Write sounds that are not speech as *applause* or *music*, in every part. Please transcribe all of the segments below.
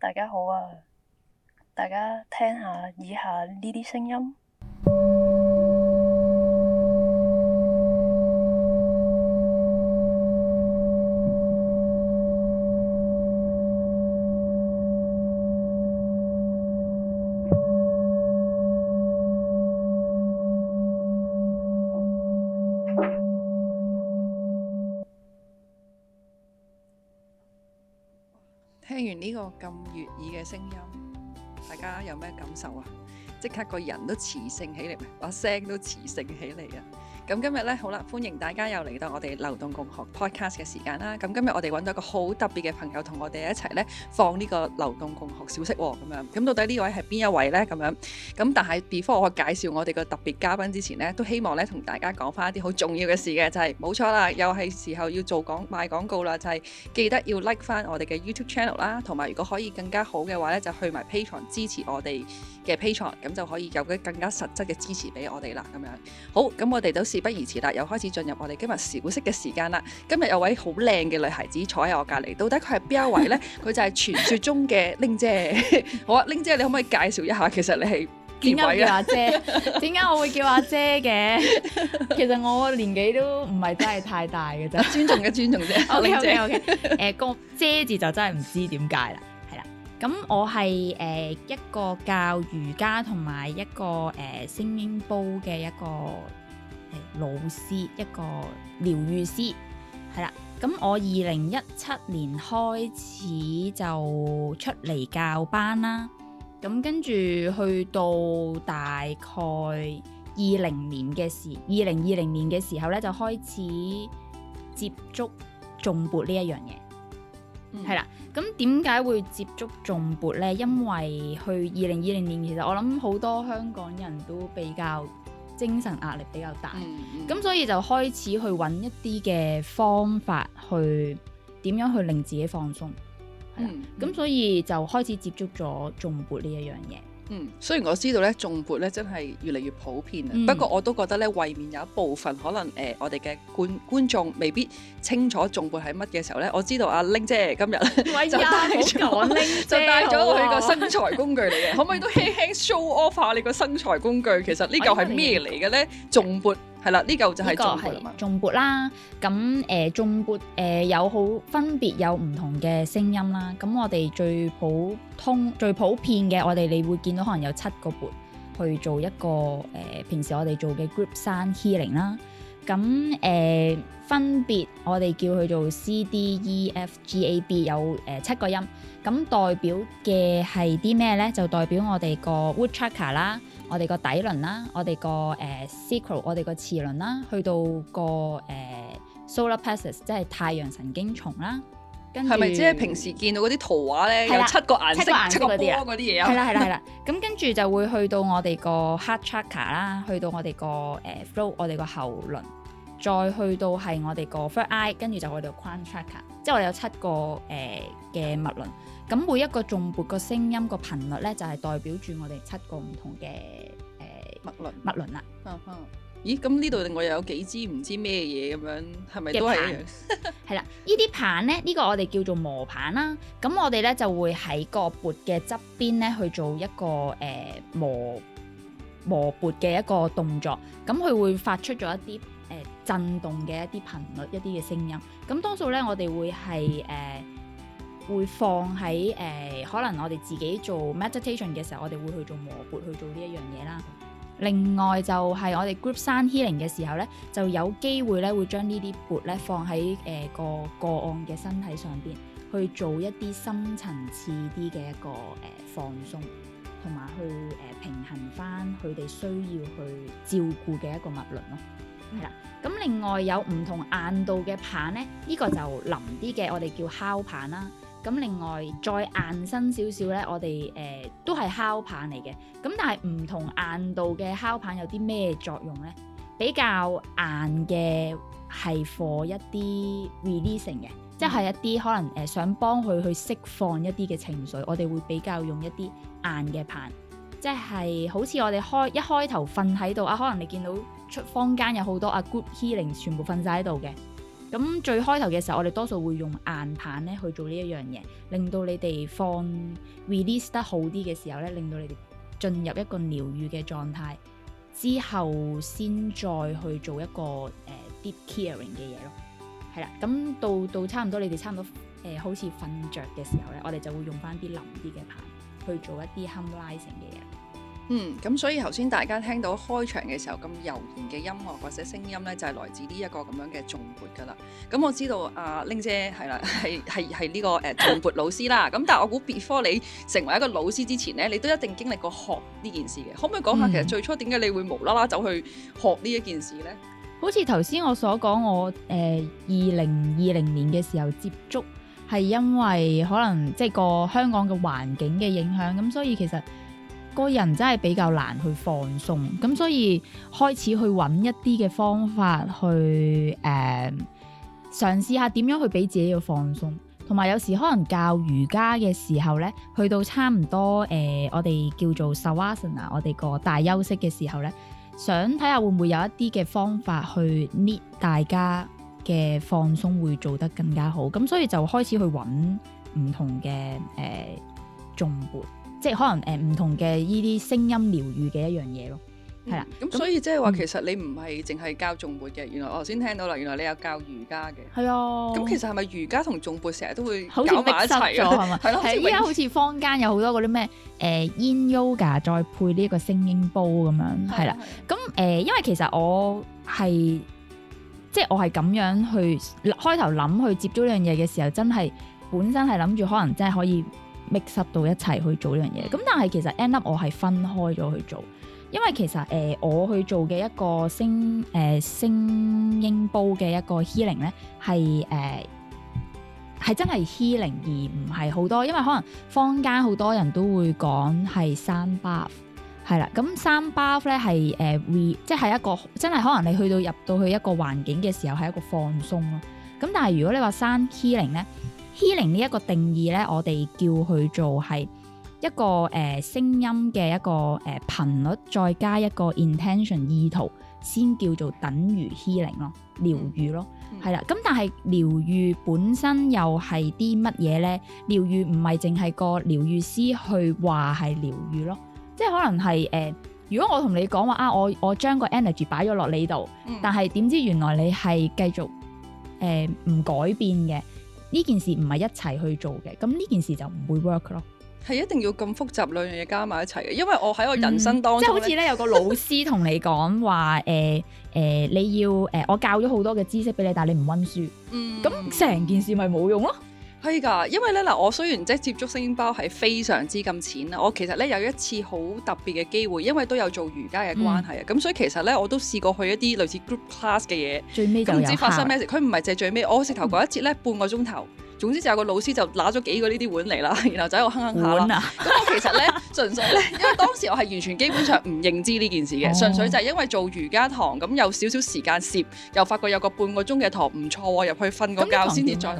大家好啊！大家聽下以下呢啲聲音。呢個咁悅耳嘅聲音，大家有咩感受啊？即刻個人都磁性起嚟，把聲都磁性起嚟啊！咁今日咧，好啦，歡迎大家又嚟到我哋流動共學 podcast 嘅時間啦。咁今日我哋揾到一個好特別嘅朋友同我哋一齊咧放呢個流動共學小息喎、哦。咁樣，咁到底呢位係邊一位咧？咁樣，咁但係 before 我介紹我哋個特別嘉賓之前咧，都希望咧同大家講翻一啲好重要嘅事嘅，就係、是、冇錯啦，又係時候要做廣賣廣告啦，就係、是、記得要 like 翻我哋嘅 YouTube channel 啦，同埋如果可以更加好嘅話咧，就去埋 Patreon 支持我哋嘅 Patreon，咁就可以有啲更加實質嘅支持俾我哋啦。咁樣好，咁、嗯、我哋到時不宜遲啦，又開始進入我哋今日小息嘅時間啦。今日有位好靚嘅女孩子坐喺我隔離，到底佢係邊一位咧？佢就係傳説中嘅 Ling 姐。好啊，Ling 姐，你可唔可以介紹一下？其實你係點解叫阿姐？點解我會叫阿姐嘅？其實我年紀都唔係真係太大嘅啫。尊重嘅尊重啫。哦，Ling 姐，OK，誒，個姐字就真係唔知點解啦。係啦，咁我係誒一個教瑜伽同埋一個誒聲音缽嘅一個。老師一個療愈師係啦，咁我二零一七年開始就出嚟教班啦，咁跟住去到大概二零年嘅時，二零二零年嘅時候咧就開始接觸頌缽呢一樣嘢，係啦、嗯，咁點解會接觸頌缽呢？因為去二零二零年，其實我諗好多香港人都比較。精神壓力比較大，咁、嗯、所以就開始去揾一啲嘅方法去點樣去令自己放鬆，係啦，咁所以就開始接觸咗頌缽呢一樣嘢。嗯，雖然我知道咧，頌缽咧真係越嚟越普遍啊。嗯、不過我都覺得咧，為免有一部分可能誒、呃，我哋嘅觀觀眾未必清楚頌缽係乜嘅時候咧，我知道阿、啊、Ling 姐今日 *laughs* 就帶咗了，哎、 *laughs* 就帶咗佢個身材工具嚟嘅， *laughs* 可唔可以都輕輕 show off 下你個身材工具？其實個呢嚿係咩嚟嘅咧？頌、哎、呀缽。係、這個、啦，呢嚿就係頌缽啦。咁誒頌缽誒有好分別有唔同嘅聲音啦。咁我哋最普通、最普遍嘅，我哋你會見到可能有七個缽去做一個誒、呃，平時我哋做嘅 group sound healing 啦。咁誒。呃分別我哋叫佢做 CDEFGAB，有誒、呃、七個音，咁代表嘅係啲咩咧？就代表我哋個 wood chakra 啦，我哋個底輪啦，我哋個誒 secre 我哋個次輪啦，去到、個誒、呃、solar plexus 即係太陽神經叢啦。跟住係咪即係平時見到嗰啲圖畫咧？啦有七個顏色、七個，七個波嗰啲嘢啊！係啦係啦係啦，咁跟住就會去到我哋個 heart chakra 啦，去到我哋個誒 flow 我哋個喉輪。再去到係我哋個 third eye，跟住就我哋個 quant tracker，即係我哋有七個誒嘅物輪，咁每一個頌缽個聲音個頻率咧，就係代表住我哋七個唔同嘅誒物輪物輪啦。嗯嗯，咦？咁呢度我又有幾支唔知咩嘢咁樣，係咪都係一樣？係啦，依啲棒咧，呢個我哋叫做磨棒啦。咁我哋咧就會喺個缽嘅側邊咧去做一個誒磨磨缽嘅一個動作，咁佢會發出咗一啲。震動嘅一啲頻率、一啲嘅聲音，咁多數呢，我哋會係誒、呃、會放喺誒、呃，可能我哋自己做 meditation 嘅時候，我哋會去做磨缽去做呢一樣嘢啦。另外就係我哋 group sound healing 嘅時候呢，就有機會呢會將呢啲缽呢放喺誒、呃、個個案嘅身體上邊去做一啲深層次啲嘅一個誒、呃、放鬆，同埋去誒、呃、平衡翻佢哋需要去照顧嘅一個脈輪咯。係啦，咁另外有唔同硬度嘅棒咧，呢、這個就腍啲嘅，我哋叫敲棒啦、啊。咁另外再硬身少少咧，我哋誒、呃、都係敲棒嚟嘅。咁但係唔同硬度嘅敲棒有啲咩作用咧？比較硬嘅係 for 一啲 releasing 嘅，即係一啲可能誒想幫佢去釋放一啲嘅情緒，我哋會比較用一啲硬嘅棒，即係好似我哋開一開頭瞓喺度啊，可能你見到。出坊間有好多啊 good healing，全部瞓晒喺度嘅。咁最開頭嘅時候，我哋多數會用硬棒咧去做呢一樣嘢，令到你哋放 release 得好啲嘅時候咧，令到你哋進入一個療愈嘅狀態之後，先再去做一個誒、呃、deep healing 嘅嘢咯。係啦，咁到到差唔多你哋差唔多誒、呃、好似瞓着嘅時候咧，我哋就會用翻啲腍啲嘅棒去做一啲 humming 嘅嘢。嗯，咁所以頭先大家聽到開場嘅時候咁悠然嘅音樂或者聲音咧，就係、是、來自呢一個咁樣嘅頌缽㗎喇。咁我知道阿、啊、玲姐係啦，係係係呢個誒頌缽老師啦。咁但我估 before，你成為一個老師之前咧，你都一定經歷過學呢件事嘅。可唔可以講下其實最初點解、嗯、你會無啦啦走去學呢一件事咧？好似頭先我所講，我誒二零二零年嘅時候接觸，係因為可能即係個香港嘅環境嘅影響，咁所以其實，個人真係比較難去放鬆，咁所以開始去揾一啲嘅方法去誒、呃、嘗試下點樣去俾自己要放鬆，同埋有，有時可能教瑜伽嘅時候呢，去到差唔多誒、呃、我哋叫做 Savasana 我哋個大休息嘅時候呢，想睇下會唔會有一啲嘅方法去 lead 大家嘅放鬆會做得更加好，咁所以就開始去揾唔同嘅誒頌缽。呃即係可能誒唔同嘅依啲聲音療癒嘅一樣嘢咯，係啦。咁所以即係話其實你唔係淨係教頌缽嘅，原來我先聽到啦，原來你有教瑜伽嘅，係啊，咁其實係咪瑜伽同頌缽成日都會搞埋一齊啊？係咪？係依家好似坊間有好多嗰啲咩誒，Yin Yoga 再配呢一個聲音缽咁樣，係啦。咁誒，因為其實我係即係我係咁樣去開頭諗去接觸呢樣嘢嘅時候，真係本身係諗住可能真係可以。mix 到一齊去做呢樣嘢，咁、嗯、但係其實 end up 我係分開咗去做，因為其實誒、呃、我去做嘅一個聲誒聲音缽嘅一個 healing 咧，係誒係真係 healing 而唔係好多，因為可能坊間好多人都會講係 sound bath，係啦，咁 sound bath 咧係誒 we 即係一個真係可能你去到入到去一個環境嘅時候係一個放鬆咯，咁、嗯、但係如果你話 sound healing 咧。healing 呢一個定義咧，我哋叫佢做係一個誒聲音嘅一個誒頻率，再加一個 intention 意圖，先叫做等於 healing 咯，療愈咯，係啦。咁但係療愈本身又係啲乜嘢咧？療愈唔係淨係個療愈師去話係療愈咯，即係可能係誒，如果我同你講話啊，我我將個 energy 擺咗落你度，但係點知原來你係繼續誒唔改變嘅。呢件事唔係一齊去做嘅，咁呢件事就唔會 work 咯。係一定要咁複雜兩樣嘢加埋一齊嘅，因為我喺我人生當中，即係、嗯、即係、好似咧有個老師同你講話，誒誒、 *laughs* 呃呃，你要誒、呃，我教咗好多嘅知識俾你，但係你唔溫書，嗯，咁成件事咪冇用咯。係噶，因為咧嗱，我雖然即係接觸 singing bowl 係非常之咁淺啦，我其實咧有一次好特別嘅機會，因為都有做瑜伽嘅關係啊，咁、嗯、所以其實咧我都試過去一啲類似 group class 嘅嘢，唔知發生咩事，佢唔係借最尾，我頭嗰一節咧、嗯、半個鐘頭，總之就有個老師就攞咗幾個呢啲碗嚟啦，然後就喺度哼哼下啦。咁碗、啊、 *laughs* 我其實咧純粹咧， *laughs* 因為當時我係完全基本上唔認知呢件事嘅，哦、純粹就係因為做瑜伽堂咁有少少時間攝，又發覺有個半個鐘嘅堂唔錯喎，入去瞓個覺先至再。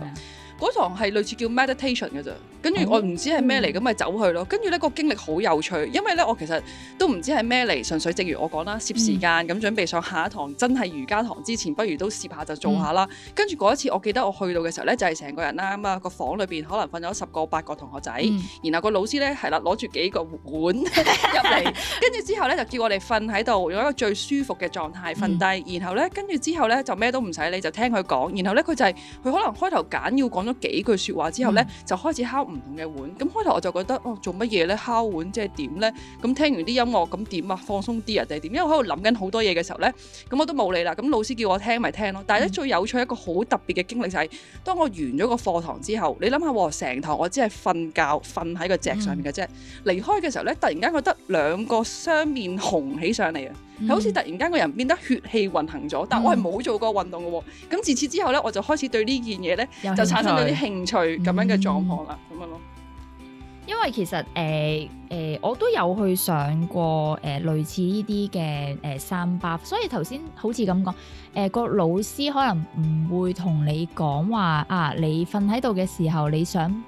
嗰堂係類似叫 meditation 嘅啫、嗯，跟住我唔知係咩嚟，咁咪走去咯。跟住呢、這個經歷好有趣，因為呢我其實都唔知係咩嚟，純粹正如我講啦，攝時間咁、嗯、準備上下一堂真係瑜伽堂之前，不如都攝下就做下啦。跟住嗰一次，我記得我去到嘅時候呢，就係、是、成個人啦，咁啊個房裏邊可能瞓咗十個八個同學仔，嗯、然後個老師呢，係啦攞住幾個碗入嚟，跟住之後呢，就叫我哋瞓喺度用一個最舒服嘅狀態瞓低，然後呢，跟住之後呢，就咩都唔使理，就聽佢講，然後呢，佢就係佢、就是、可能開頭簡要講。幾句說話之後呢，嗯、就開始敲唔同嘅碗。咁開頭我就覺得哦，做乜嘢呢？敲碗即係點呢？咁聽完啲音樂咁點啊？放鬆啲啊？定係點？因為我喺度諗緊好多嘢嘅時候呢，咁我都冇理啦。咁老師叫我聽咪聽咯。但係咧最有趣一個好特別嘅經歷就係當我完咗個課堂之後，你諗下成堂我只係瞓覺瞓喺個席上面嘅啫，離、嗯、開嘅時候呢，突然間覺得兩個雙面紅起上嚟啊！係好似突然間個人變得血氣運行咗，但我係冇做過運動嘅喎。咁自此之後咧，我就開始對呢件嘢咧就產生咗啲興趣咁樣嘅狀況啦。咁樣咯，因為其實誒誒、呃呃，我都有去上過誒類似呢啲嘅誒三巴，所以頭先好似咁講，誒、呃、個老師可能唔會同你講話啊，你瞓喺度嘅時候你想。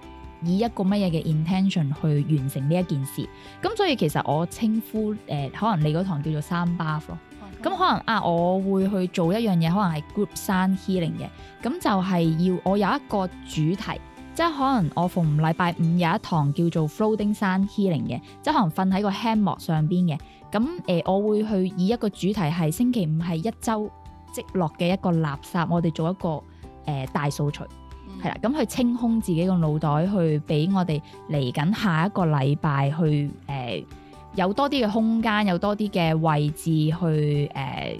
以一個乜嘢嘅 intention 去完成呢一件事，咁所以其實我稱呼誒、呃、可能你嗰堂叫做 sound bath 咯，咁、哦、可能啊我會去做一樣嘢，可能係 group sound healing 嘅，咁就係要我有一個主題，即係可能我逢禮拜五有一堂叫做 floating sound healing 嘅，即係可能瞓喺個 hammock 上邊嘅，咁誒、呃、我會去以一個主題係星期五係一周積落嘅一個垃圾，我哋做一個誒、呃、大掃除。係啦，咁去清空自己個腦袋，去俾我哋嚟緊下一個禮拜去，誒有多啲嘅空間，有多啲嘅位置去，誒、呃、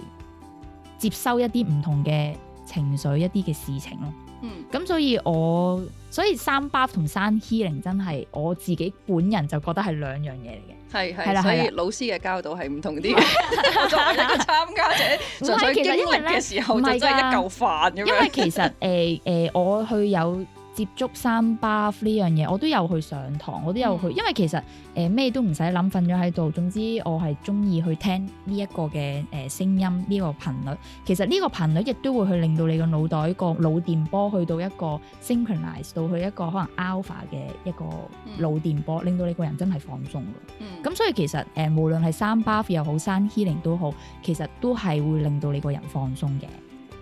接收一啲唔同嘅情緒，一啲嘅事情咯。嗯，咁所以我所以 sound bath 同 sound healing 真係我自己本人就覺得係兩樣嘢嚟嘅，係係啦，係啦係啦，所以老師嘅教導係唔同啲。嘅，作為一個參加者，純 *laughs* 是粹經歷嘅時候就真係一嚿飯咁因為其實誒誒、 *laughs* 呃呃，我去有。接觸 sound bath 呢樣嘢，我都有去上堂，我都有去，嗯、因為其實誒咩、呃、都唔使諗，瞓咗喺度。總之我係鍾意去聽呢一個嘅誒、呃、聲音，呢、呢個頻率。其實呢個頻率亦都會去令到你個腦袋個腦電波去到一個 synchronize 到去一個可能 alpha 嘅一個腦電波，嗯、令到你個人真係放鬆嘅咁、嗯、所以其實誒、呃，無論係 sound bath 又好，sound healing 都好，其實都係會令到你個人放鬆嘅。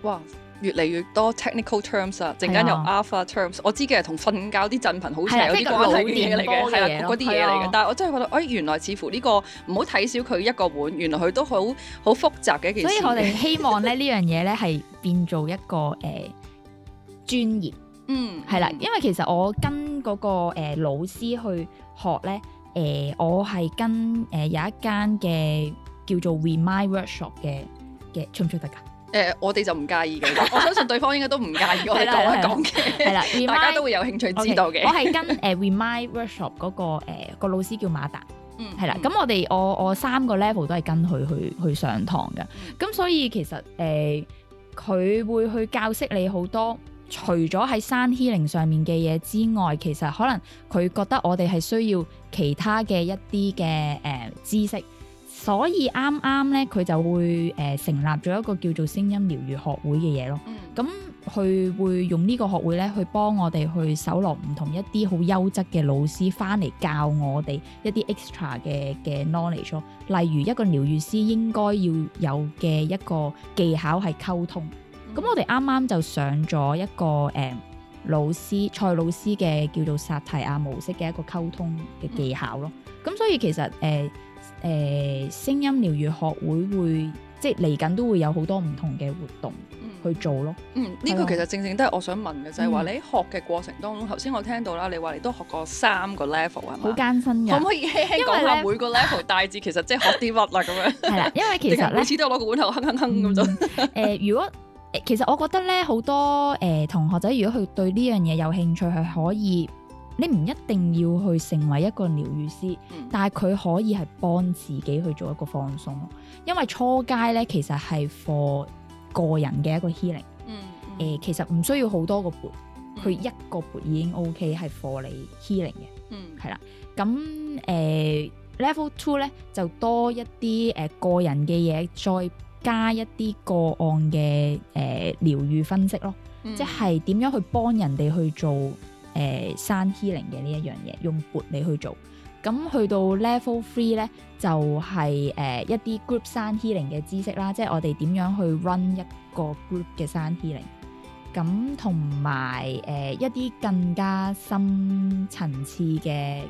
哇！越嚟越多 technical terms 啊，陣間又 alpha terms，是、啊、我知嘅係同瞓覺啲振頻好似係有啲關係嘅嚟嘅，係啦、啊，嗰啲嘢嚟嘅。是啊、但係我真係覺得，哎，原來似乎呢、呢個唔好睇小佢一,一個碗，原來佢都好好複雜嘅一件事。所以我哋希望咧呢 *laughs* 樣嘢咧係變做一個誒、呃、專業，嗯，係啦，因為其實我跟嗰個老師去學咧，誒、呃，我係跟誒有一間嘅叫做 Remind Workshop 嘅嘅，出唔出得㗎？誒、呃，我哋就唔介意嘅。 *laughs* 我相信對方應該都唔介意我哋講一講嘅，係啦 *laughs* *laughs* 大家都會有興趣知道嘅。Okay，我係跟誒、uh, Remind Workshop 嗰、那個誒個、uh, 老師叫馬達， *laughs* 了嗯，係啦。咁我哋我我三個 level 都係跟佢去去上堂嘅。咁所以其實誒，佢、uh，會去教識你好多，除咗喺 sound healing 上面嘅嘢之外，其實可能佢覺得我哋係需要其他嘅一啲嘅誒知識。所以啱啱咧，佢就會誒成立咗一個叫做聲音療癒學會嘅嘢咯。咁佢會用呢個學會咧，去幫我哋去搜羅唔同一啲好優質嘅老師翻嚟教我哋一啲 extra 嘅嘅 knowledge 咯。例如一個療癒師應該要有嘅一個技巧係溝通。咁我哋啱啱就上咗一個誒老師、蔡老師嘅叫做薩提亞模式嘅一個溝通嘅技巧咯。咁所以其實誒。誒、呃、聲音療癒學會會即係嚟緊都會有好多唔同嘅活動去做咯。嗯、呢、這個其實正正都係我想問嘅，嗯、就係話你喺學嘅過程當中，頭先我聽到啦，你話你都學過三個 level 係咪？好艱辛嘅。可唔可以輕輕講下每個 level 大致其實即係學啲乜啦咁樣？係啦，因為其實咧，即係好似都攞個碗頭哼哼哼咁就、嗯。誒、呃，如、呃、果、呃、其實我覺得咧，好多誒、呃、同學仔，如果佢對呢樣嘢有興趣，係可以。你唔一定要去成為一個療愈師，嗯、但係佢可以係幫自己去做一個放鬆。因為初階咧，其實係 for 個人嘅一個 healing。誒、嗯嗯呃，其實唔需要好多個缽，佢一個缽已經 OK 係 for 你 healing 嘅。係啦、嗯，咁誒、呃、level two 咧就多一啲誒、呃、個人嘅嘢，再加一啲個案嘅誒、呃、療愈分析咯，嗯、即係點樣去幫人哋去做。誒 sound、呃、healing 嘅呢一樣嘢，用缽嚟去做。咁去到 level three 咧，就係、是、誒、呃、一啲 group sound healing 嘅知識啦，即係我哋點樣去 run 一個 group 嘅 sound healing。咁同埋誒一啲更加深層次嘅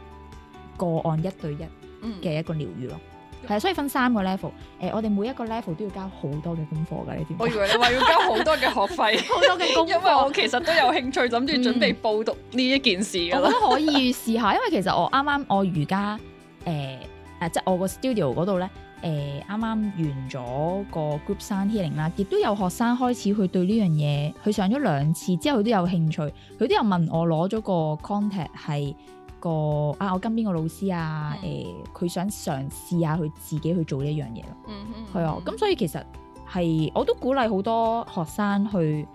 個案一對一嘅一個療癒咯。嗯。係所以分三個 level。誒、呃，我哋每一個 level 都要交好多嘅功課㗎，你知，我以為你話要交好多嘅學費，好 *laughs* 多嘅功課。因為我其實都有興趣，諗住準備報讀呢一件事㗎、 *laughs* 嗯。我覺得可以試下，因為其實我啱啱我瑜伽誒誒、呃，即係我個 studio 嗰度咧，誒啱啱完咗個 group sound healing 啦，亦都有學生開始去對呢樣嘢，去上咗兩次之後，佢都有興趣，佢都有問我攞咗個 contact 係。個啊，我跟邊個老師啊？誒、嗯，佢、呃、想嘗試下佢自己去做呢一樣嘢咯。嗯、啊、嗯。係啊，咁所以其實係我都鼓勵好多學生去誒、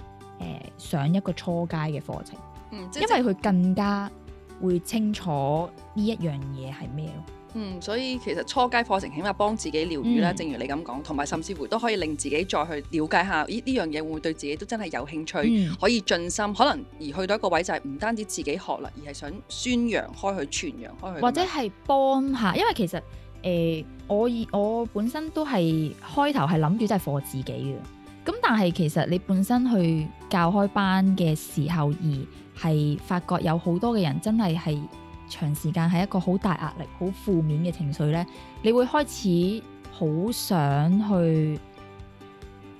呃、上一個初階嘅課程，嗯就是、因為佢更加會清楚呢一樣嘢係咩咯。嗯，所以其實初階課程起碼幫自己療癒啦，嗯、正如你咁講，同埋甚至乎都可以令自己再去了解下，咦呢樣嘢會唔會對自己都真係有興趣，嗯、可以盡心。可能而去到一個位就係唔單止自己學啦，而係想宣揚開去、傳揚開去。或者係幫下，因為其實誒、呃、我以我本身都係開頭係諗住真係課自己嘅，咁但係其實你本身去教開班嘅時候，而係發覺有好多嘅人真係係。長時間係一個好大壓力、好負面嘅情緒呢，你會開始好想去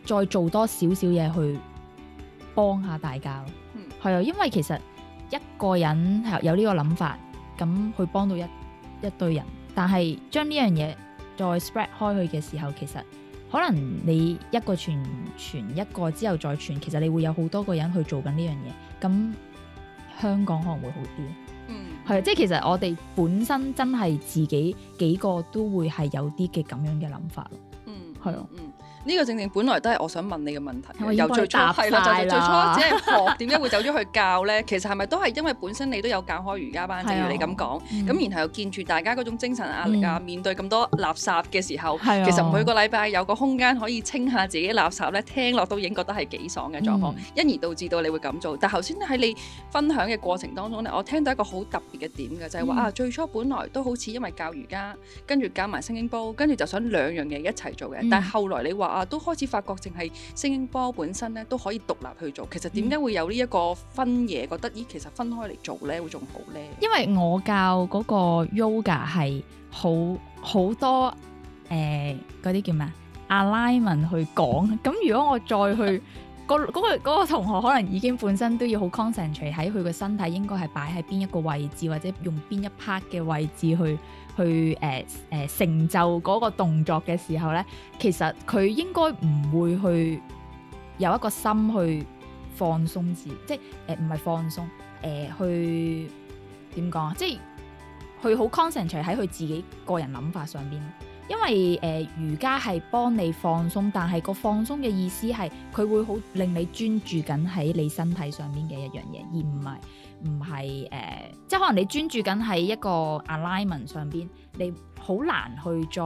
再做多少少嘢去幫下大家咯。係啊，嗯，因為其實一個人係有呢個諗法，咁去幫到一一堆人，但係將呢樣嘢再 spread 開去嘅時候，其實可能你一個傳傳一個之後再傳，其實你會有好多個人去做緊呢樣嘢，咁香港可能會好啲。係，即係其實我哋本身真係自己幾個都會係有啲嘅咁樣嘅諗法。嗯，係啊對。嗯。呢個正正本來都係我想問你嘅問題，由最初係啦，就係最初只係學點解會走咗去教咧？其實係咪都係因為本身你都有教開瑜伽班，正如你咁講，咁然後又見住大家嗰種精神壓力啊，面對咁多垃圾嘅時候，其實每個禮拜有個空間可以清下自己垃圾咧，聽落都已經覺得係幾爽嘅狀況，因而導致到你會咁做。但係頭先喺你分享嘅過程當中咧，我聽到一個好特別嘅點嘅，就係話啊，最初本來都好似因為教瑜伽，跟住教埋聲音缽，跟住就想兩樣嘢一齊做嘅，但係後來你話。啊，都開始發覺，淨係聲音波本身咧都可以獨立去做。其實點解會有呢一個分嘢？嗯、覺得咦，其實分開嚟做咧會仲好咧。因為我教嗰個 yoga 係好好多誒嗰啲叫咩啊 Alignment 去講。咁 *laughs* 如果我再去、 *laughs* 嗰個、嗰個、嗰個同學，可能已經本身都要好 concentrate 喺佢個身體應該係擺喺邊一個位置，或者用邊一 part 嘅位置去。去誒誒、呃呃、成就嗰個動作嘅時候咧，其實佢應該唔會去有一個心去放鬆自己，即係誒唔係放鬆誒、呃、去點講啊？即係佢好 concentrate 喺佢自己個人諗法上邊，因為誒、呃、瑜伽係幫你放鬆，但係個放鬆嘅意思係佢會好令你專注緊喺你身體上邊嘅一樣嘢，而唔係。唔係誒，即係可能你專注緊喺一個 alignment 上邊，你好難去再，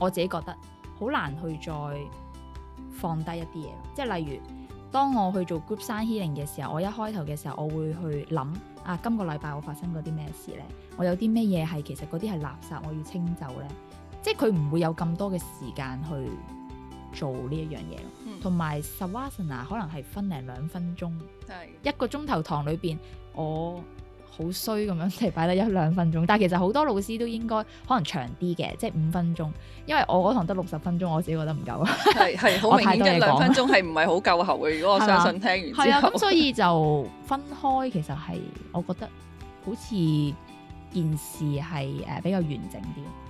我自己覺得好難去再放低一啲嘢。即係例如，當我去做 group sound healing 嘅時候，我一開頭嘅時候，我會去諗啊，今個禮拜我發生過啲咩事咧？我有啲咩嘢係其實嗰啲係垃圾，我要清走咧。即係佢唔會有咁多嘅時間去做呢一樣嘢。嗯。同埋 shavasana 可能係分零兩分鐘，對一個鐘頭堂裏邊。我好衰咁樣，即係擺得一兩分鐘，但係其實好多老師都應該可能長啲嘅，即係五分鐘，因為我嗰堂得六十分鐘，我自己覺得唔夠。係係好明顯嘅兩 *laughs* *laughs* 分鐘係唔係好夠喉嘅，如果我相信聽完。係吧 *laughs* 啊，咁所以就分開，其實係我覺得好似件事係誒比較完整啲。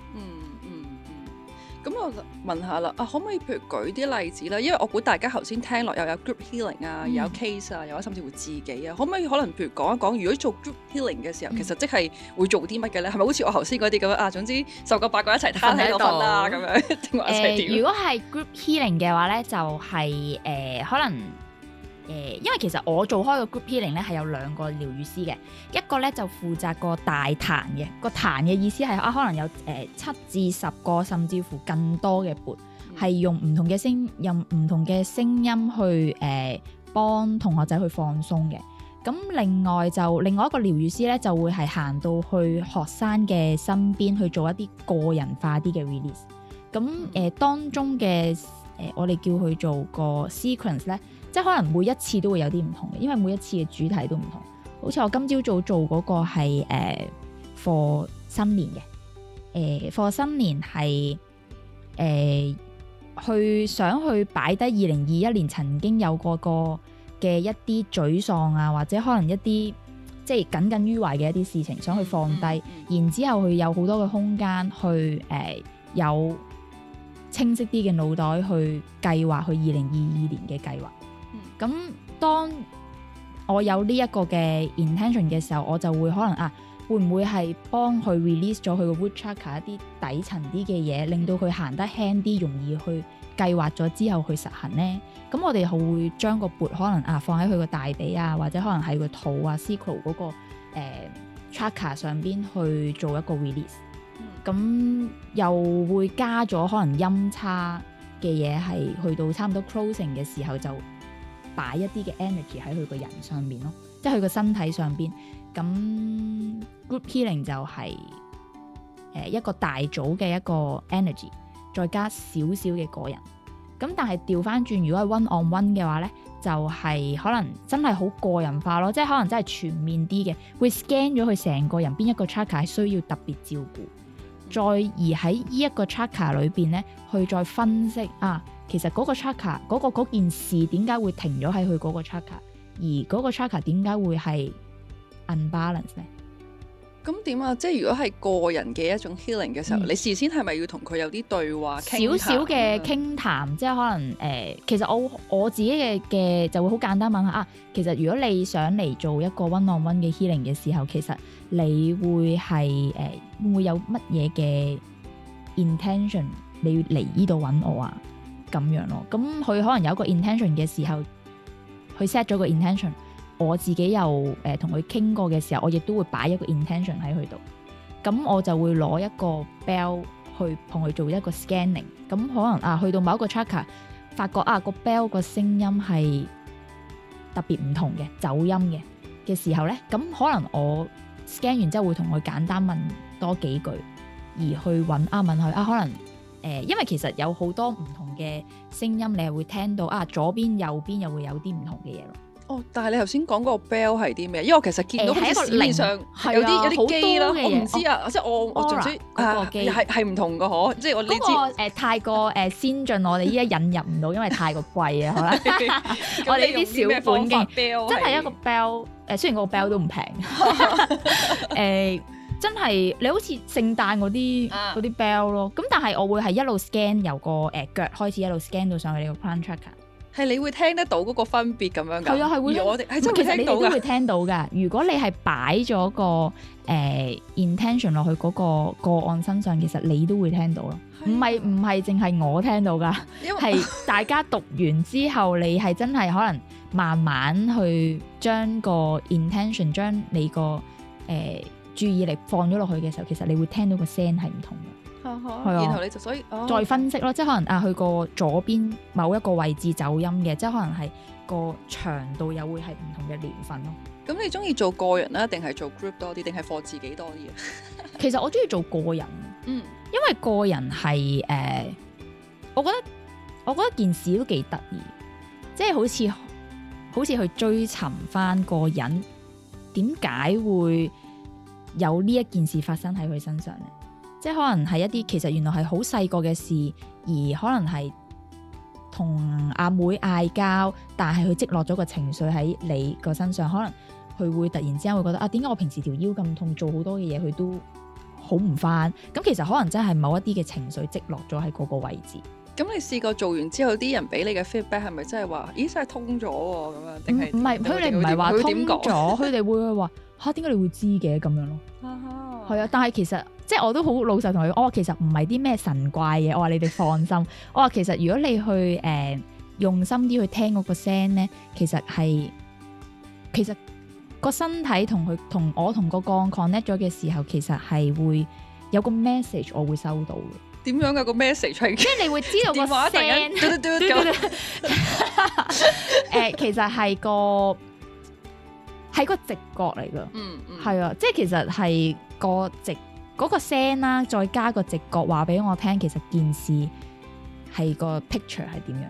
咁我問下啦，啊可唔可以譬如舉啲例子咧？因為我估大家頭先聽落又有，有 group healing 啊，嗯、又有 case 啊，又或甚至會自己啊，可唔可以可能譬如講一講，如果做 group healing 嘅時候，其實即係會做啲乜嘅咧？係咪、嗯、好似我頭先嗰啲咁樣啊？總之十個八個一齊攤喺度瞓啦咁樣，定話係點？如果係 group healing 嘅話咧，就係、是、誒、呃、可能。誒，因為其實我做開個 group healing 咧，係有兩個療愈師嘅。一個咧就負責個大壇嘅。個壇嘅意思係啊，可能有誒、呃、七至十個，甚至乎更多嘅缽，係、嗯、用唔同嘅聲，用唔同嘅聲音去誒幫、呃、同學仔去放鬆嘅。咁另外就另外一個療愈師咧，就會係行到去學生嘅身邊去做一啲個人化啲嘅 release。咁誒、呃、當中嘅誒、呃，我哋叫佢做個 sequence 咧。即係可能每一次都會有啲唔同嘅，因為每一次嘅主題都唔同。好似我今朝早做嗰個係誒，for、uh, 新年嘅。誒，for 新年係誒、uh, 去想去擺低二零二一年曾經有過個嘅一啲沮喪啊，或者可能一啲即係耿耿於懷嘅一啲事情，想去放低，然之後佢有好多嘅空間去誒、uh, 有清晰啲嘅腦袋去計劃去二零二二年嘅計劃。咁當我有呢一個嘅 intention 嘅時候，我就會可能啊，會唔會係幫佢 release 咗佢個 root chakra 一啲底層啲嘅嘢，令到佢行得輕啲，容易去計劃咗之後去實行呢？咁我哋會將個缽可能啊放喺佢個大髀啊，或者可能喺個肚啊、sacral 嗰個、呃、chakra 上邊去做一個 release。咁又會加咗可能音叉嘅嘢，係去到差唔多 closing 嘅時候就。擺一啲嘅 energy 喺佢個人上面咯，即係佢個身體上邊。咁 group healing 就係誒一個大組嘅一個 energy，再加少少嘅個人。咁但係調翻轉，如果係 one on one 嘅話咧，就係、是，可能真係好個人化咯，即係可能真係全面啲嘅，會 scan 咗佢成個人邊一個 chakra 需要特別照顧，再而喺、er、呢一個 chakra 裏邊咧去再分析啊。其實嗰個 chakra 嗰、那個、件事點解會停咗喺佢嗰個 chakra 而嗰個 chakra 點解會係 unbalance 咧？咁點啊？即係如果係個人嘅一種 healing 嘅時候，你事先係咪要同佢有啲對話傾談少少嘅傾談？即係可能誒、呃，其實我我自己嘅嘅就會好簡單問下啊。其實如果你想嚟做一個 one-on-one 嘅 on one healing 嘅時候，其實你會係誒、呃、會唔會有乜嘢嘅 intention？你要嚟呢度揾我啊？咁樣咯，咁佢可能有一個 intention 嘅時候，佢 set 咗個 intention，我自己又誒同佢傾過嘅時候，我亦都會擺一個 intention 喺佢度。咁我就會攞一個 bell 去同佢做一個 scanning。咁可能啊，去到某一個 tracker，發覺啊個 bell 個聲音係特別唔同嘅，走音嘅嘅時候咧，咁可能我 scan 完之後會同佢簡單問多幾句，而去揾啊問佢啊可能。誒，因為其實有好多唔同嘅聲音，你係會聽到啊，左邊右邊又會有啲唔同嘅嘢咯。哦，但係你頭先講個 bell 係啲咩？因為我其實見到喺多市面上有啲有啲機咯，我唔知啊，即係我我知。之啊，係係唔同噶嗬，即係我呢個誒太過誒先進，我哋依家引入唔到，因為太過貴啊，可能我哋呢啲小款機，真係一個 bell 誒，雖然個 bell 都唔平誒。真係你好似聖誕嗰啲嗰啲 bell 咯，咁、啊、但係我會係一路 scan 由個誒、呃、腳開始一路 scan 到上去你個 plan tracker，係你會聽得到嗰個分別咁樣㗎，係啊係會，我哋真係聽到㗎。如果你係擺咗個誒、呃、intention 落去嗰個個案身上，其實你都會聽到咯，唔係唔係淨係我聽到㗎，係因為 大家讀完之後， *laughs* 你係真係可能慢慢去將個 intention 將你個誒，注意力放咗落去嘅時候，其實你會聽到個聲係唔同嘅， *music* 的然後你就所以再分析咯，哦、即係可能啊，去過左邊某一個位置走音嘅，即係可能係個長度又會係唔同嘅年份咯。咁 *music* 你中意做個人咧、啊，定係做 group 多啲，定係課自己多啲啊？ *laughs* 其實我中意做個人，嗯， *laughs* 因為個人係誒、呃，我覺得我覺得件事都幾得意，即、就、係、是、好似好似去追尋翻個人點解會。有呢一件事發生喺佢身上嘅，即係可能係一啲其實原來係好細個嘅事，而可能係同阿妹嗌交，但係佢積落咗個情緒喺你個身上，可能佢會突然之間會覺得啊，點解我平時條腰咁痛，做好多嘅嘢佢都好唔返？咁其實可能真係某一啲嘅情緒積落咗喺嗰個位置。咁你試過做完之後，啲人俾你嘅 feedback 係咪真係話，咦真係通咗咁樣？定係唔係？佢哋唔係話通咗，佢哋會去話。 *laughs* 嚇？點解你會知嘅咁樣咯？係啊，但係其實即係我都好老實同佢，我話其實唔係啲咩神怪嘢，我話你哋放心。我話其實如果你去誒用心啲去聽嗰個聲咧，其實係其實個身體同佢同我同個光 connect 咗嘅時候，其實係會有個 message 我會收到嘅。點樣有個 message 出嚟？即係你會知道個聲，誒，其實係個。係、mm hmm. 個直覺嚟噶，係啊，即係其實係個直嗰個聲啦、啊，再加個直覺話俾我聽，其實件事係個 picture 係點樣，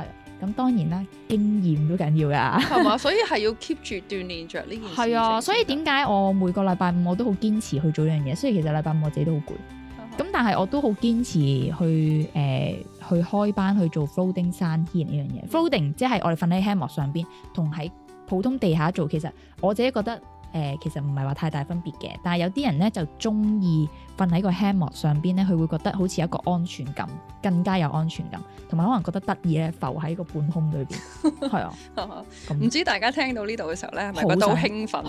係啊、mm，咁、hmm. 當然啦，經驗都緊要噶，係嘛、mm hmm. *laughs* 所以係要 keep 住鍛鍊着呢件事，係啊，所以點解我每個禮拜五我都好堅持去做呢樣嘢。雖然其實禮拜五我自己都好攰，咁、mm hmm. 但係我都好堅持去誒、呃、去開班去做 floating 山呢樣嘢，floating 即係我哋瞓喺 hammock 上邊同喺。普通地下做，其實我自己覺得。誒、呃、其實唔係話太大分別嘅，但係有啲人咧就中意瞓喺個 hammock 上邊咧，佢會覺得好似一個安全感，更加有安全感，同埋可能覺得得意咧，浮喺個半空裏邊。係 *laughs* 啊，唔、 *laughs* 嗯、知大家聽到呢度嘅時候咧，係咪覺得好興奮，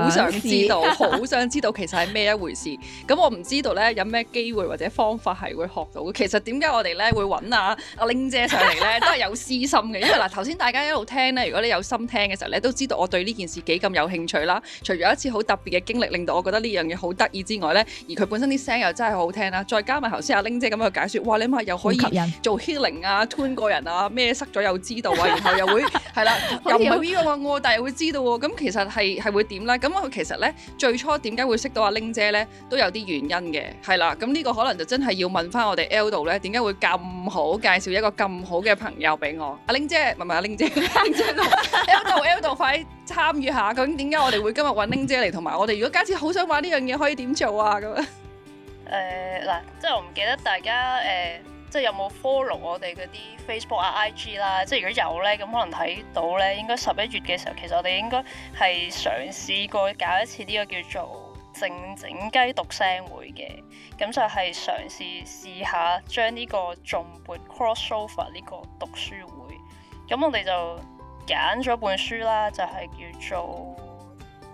好想知道，好想， *laughs* 想知道其實係咩一回事？咁我唔知道咧有咩機會或者方法係會學到。其實點解我哋咧會揾啊阿 Ling 姐上嚟咧都係有私心嘅，因為嗱頭先大家一路聽咧，如果你有心聽嘅時候咧，都知道我對呢件事幾咁有興趣啦。除咗一次好特別嘅經歷令到我覺得呢樣嘢好得意之外咧，而佢本身啲聲又真係好聽啦，再加埋頭先阿玲姐咁去解説，哇！你咪又可以做 healing 啊，turn 過人啊，咩塞咗又知道啊，然後又會係啦， *laughs* 又唔係呢個喎，我但係會知道喎，咁其實係係會點咧？咁我其實咧最初點解會識到阿玲姐咧，都有啲原因嘅，係啦。咁呢個可能就真係要問翻我哋 L 度咧，點解會咁好介紹一個咁好嘅朋友俾我？阿玲姐唔係唔係阿玲姐，L 度 L 度快。參與下究竟點解我哋會今日揾 Ling 姐嚟？同埋 *laughs* 我哋如果假設好想玩呢樣嘢，可以點做啊？咁樣誒嗱，即係我唔記得大家誒、呃，即係有冇 follow 我哋嗰啲 Facebook 啊、IG 啦。即係如果有呢，咁可能睇到呢，應該十一月嘅時候，其實我哋應該係嘗試過搞一次呢個叫做靜靜雞讀聲會嘅。咁就係嘗試試下將呢個頌缽 cross over 呢個讀書會。咁我哋就。揀咗本書啦，就係、是、叫做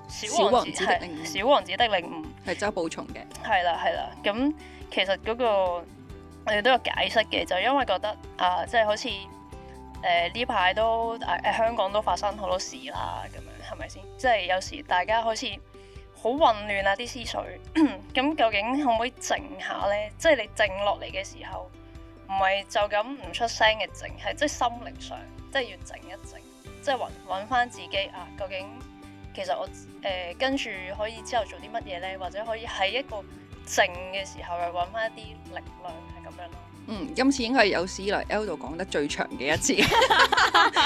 《小王子》的《小王子》的領悟」係周寶松嘅。係啦，係啦。咁其實嗰、那個我哋都有解釋嘅，就因為覺得啊，即、就、係、是、好似誒呢排都誒、啊啊、香港都發生好多事啦，咁樣係咪先？即係、就是、有時大家好似好混亂啊，啲思緒咁， *coughs* 究竟可唔可以靜下咧？即、就、係、是、你靜落嚟嘅時候，唔係就咁唔出聲嘅靜，係即係心靈上，即、就、係、是、要靜一靜。即係揾揾翻自己啊！究竟其實我誒、呃、跟住可以之後做啲乜嘢咧？或者可以喺一個靜嘅時候又揾翻一啲力量，係咁樣咯。嗯，今次應該係有史以來 Eldo 講得最長嘅一次， *laughs*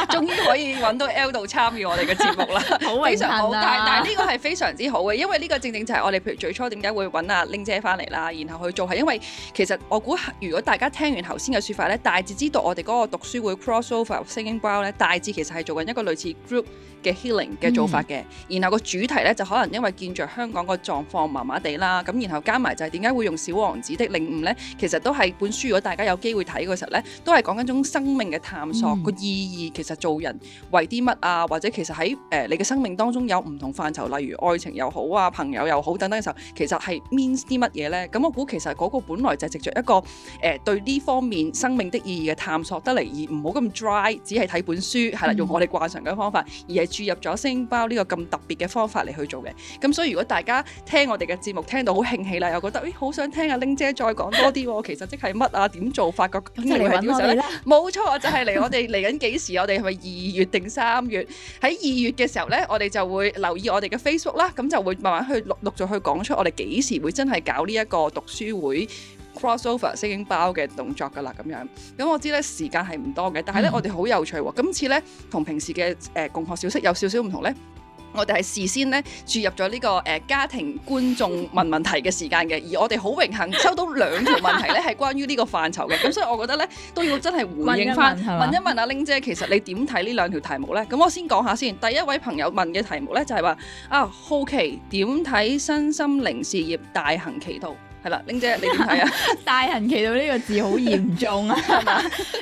終於可以揾到 Eldo 參與我哋嘅節目啦， *laughs* 好，非常好。 *laughs* 但係呢個係非常之好嘅，因為呢個正正就係我哋譬如最初點解會揾阿 Ling 姐翻嚟啦，然後去做係因為其實我估如果大家聽完頭先嘅説法咧，大致知道我哋嗰個讀書會 crossover singing bowl 咧，大致其實係做緊一個類似 group。嘅 healing 嘅做法嘅，mm. 然後個主題咧就可能因為見着香港個狀況麻麻地啦，咁然後加埋就係點解會用小王子的領悟咧？其實都係本書，如果大家有機會睇嘅時候咧，都係講緊種生命嘅探索個、mm. 意義，其實做人為啲乜啊？或者其實喺誒、呃、你嘅生命當中有唔同範疇，例如愛情又好啊，朋友又好等等嘅時候，其實係 means 啲乜嘢咧？咁我估其實嗰個本來就係藉著一個誒、呃、對呢方面生命的意義嘅探索得嚟，而唔好咁 dry，只係睇本書係啦，mm. 用我哋慣常嘅方法，而係。注入咗星包呢、這個咁特別嘅方法嚟去做嘅，咁所以如果大家聽我哋嘅節目聽到好興起啦，又覺得誒好想聽阿玲姐再講多啲，其實即係乜啊？點做法個？咁嚟係點想咧？冇 *laughs* 錯，就係、是、嚟我哋嚟緊幾時，是是 *laughs* 時？我哋係咪二月定三月？喺二月嘅時候呢，我哋就會留意我哋嘅 Facebook 啦，咁就會慢慢去陸陸續去講出我哋幾時會真係搞呢一個讀書會。cross over singing bowl 嘅動作噶啦咁樣，咁我知咧時間係唔多嘅，但係咧我哋好有趣喎。今次咧同平時嘅誒共學小息有少少唔同咧，我哋係事先咧注入咗呢個誒家庭觀眾問問題嘅時間嘅，而我哋好榮幸收到兩條問題咧係關於呢個範疇嘅，咁所以我覺得咧都要真係回應翻問一問阿玲姐，其實你點睇呢兩條題目咧？咁我先講下先，第一位朋友問嘅題目咧就係話啊，好奇點睇身心靈事業大行其道。係啦，Ling 姐，你唔係啊？大行其道呢個字好嚴重啊，係 *laughs* 嘛、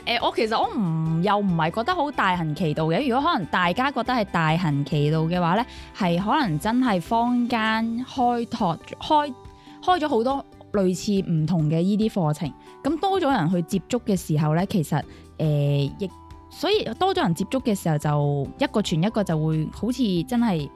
呃？誒，我其實我唔又唔係覺得好大行其道嘅。如果可能大家覺得係大行其道嘅話咧，係可能真係坊間開拓開開咗好多類似唔同嘅依啲課程。咁多咗人去接觸嘅時候咧，其實誒亦、呃、所以多咗人接觸嘅時候，就一個傳一個就會好似真係。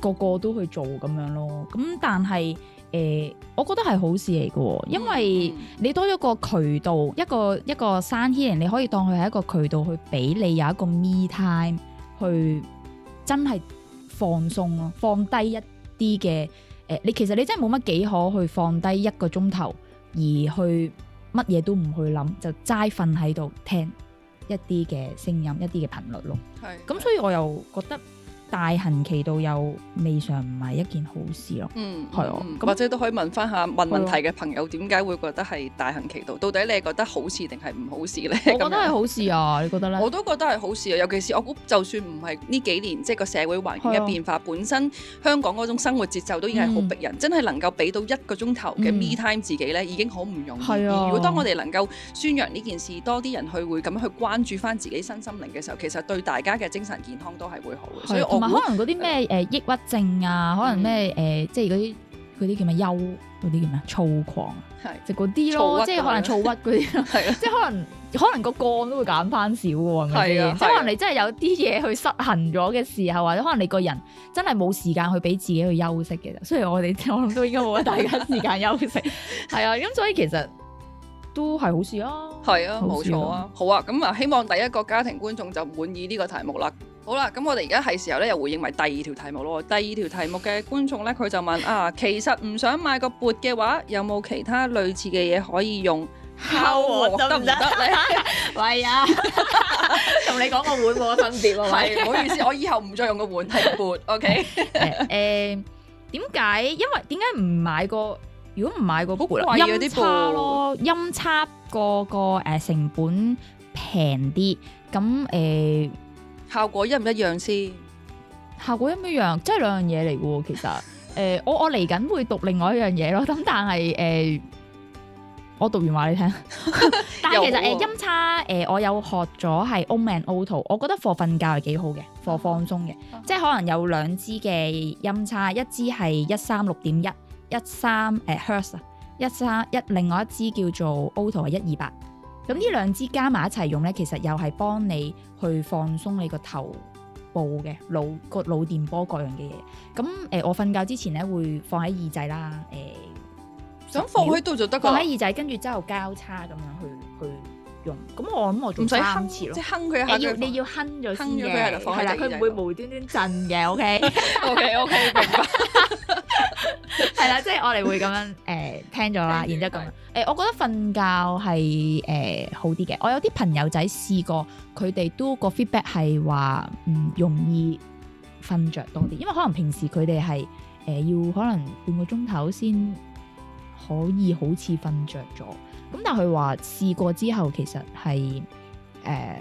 個個都去做咁樣咯，咁但係誒，我覺得係好事嚟嘅喎，因為你多咗個渠道，一個一個 sound healing，你可以當佢係一個渠道去俾你有一個 me time，去真係放鬆咯，放低一啲嘅誒，你其實你真係冇乜幾可去放低一個鐘頭，而去乜嘢都唔去諗，就齋瞓喺度聽一啲嘅聲音，一啲嘅頻率咯。係，咁所以我又覺得。大行其道又未嘗唔係一件好事咯，嗯，係啊，咁或者都可以問翻下問問題嘅朋友，點解會覺得係大行其道？到底你覺得好事定係唔好事咧？我覺得係好事啊，你覺得咧？我都覺得係好事啊，尤其是我估就算唔係呢幾年，即係個社會環境嘅變化，本身香港嗰種生活節奏都已經係好逼人，真係能夠俾到一個鐘頭嘅 me time 自己咧，已經好唔容易。而如果當我哋能夠宣揚呢件事，多啲人去會咁去關注翻自己身心靈嘅時候，其實對大家嘅精神健康都係會好嘅。所以我唔係 *music* 可能嗰啲咩誒抑鬱症啊，可能咩誒，即係嗰啲啲叫咩憂，嗰啲叫咩躁狂，係對就嗰啲咯，即係可能躁鬱嗰啲，係即係可能可能個肝都會減翻少喎，係啊，可能你真係有啲嘢去失衡咗嘅時候，或者可能你個人真係冇時間去俾自己去休息嘅，雖然我哋我諗都應該冇得大家時間休息，係 *laughs* *laughs* 啊，咁所以其實。都係好事啊，係中文啊，冇錯啊，嗯、好啊，咁啊，希望第一個家庭觀眾就滿意呢個題目啦。好啦，啊，咁我哋而家係時候咧，又回應埋第二條題目咯。第二條題目嘅觀眾咧，佢就問啊，其實唔想買個缽嘅話，有冇其他類似嘅嘢可以用？敲我都唔得，喂啊，同你講個碗冇分別，唔 *laughs* 好意思， *laughs* 我以後唔再用個碗，係缽，OK？誒 *laughs* 欸，點，呃、解？因為點解唔買個？如果唔買個音叉咯，音叉個個誒成本平啲，咁誒效果一唔一樣先？效果一唔一樣，即係兩樣嘢嚟嘅喎。其實誒，我我嚟緊會讀另外一樣嘢咯。咁但係誒，我讀完話你聽。但係其實誒音叉誒，我有學咗係 Oman Auto，我覺得 for 瞓覺係幾好嘅，for 放鬆嘅，即係可能有兩支嘅音叉，一支係一三六點一。一三誒 hertz 啊，一三一，另外一支叫做 Auto 係一二八，咁呢兩支加埋一齊用咧，其實又係幫你去放鬆你個頭部嘅腦個腦電波各樣嘅嘢。咁誒、呃，我瞓覺之前咧會放喺耳仔啦。誒、呃，想放喺度就得噶，放喺耳仔跟住之後交叉咁樣去去。咁我諗我仲唔使坑咯，即係坑佢，你要你要坑咗，坑咗佢係啦，佢唔會無端端震嘅，OK，OK，OK 明白。係 *laughs* *laughs* 啦，即係我哋會咁樣誒、呃、聽咗啦，了然之後咁誒對、欸，我覺得瞓覺係誒、呃、好啲嘅。我有啲朋友仔試過，佢哋都個 feedback 係話唔容易瞓着多啲，因為可能平時佢哋係誒要可能半個鐘頭先。可以好似瞓着咗，咁但係佢話試過之後，其實係誒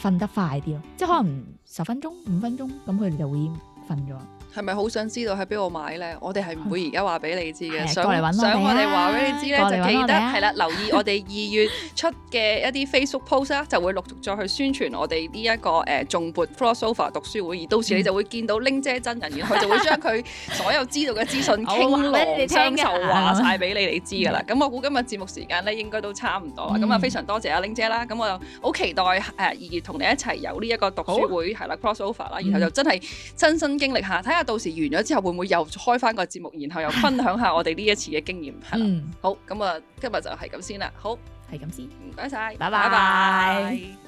瞓得快啲咯，即係可能十分鐘、五分鐘，咁佢哋就會瞓咗。係咪好想知道係邊度買咧？我哋係唔會而家話俾你知嘅。想嚟揾我哋，過嚟揾我哋啊！係啦，留意我哋二月出嘅一啲 Facebook post 啦，就會陸續再去宣傳我哋呢一個誒頌缽 crossover 讀書會。而到時你就會見到玲姐真人，然後就會將佢所有知道嘅資訊傾落雙手話曬俾你哋知㗎啦。咁我估今日節目時間咧應該都差唔多啦。咁啊，非常多謝阿玲姐啦。咁我就好期待誒二月同你一齊有呢一個讀書會係啦 crossover 啦。然後就真係親身經歷下，睇下。到時完咗之後，會唔會又開翻個節目，然後又分享下我哋呢一次嘅經驗？係啦、 *laughs* 嗯，好，咁啊，今日就係咁先啦。好，係咁先，唔該晒，拜拜 bye。Bye bye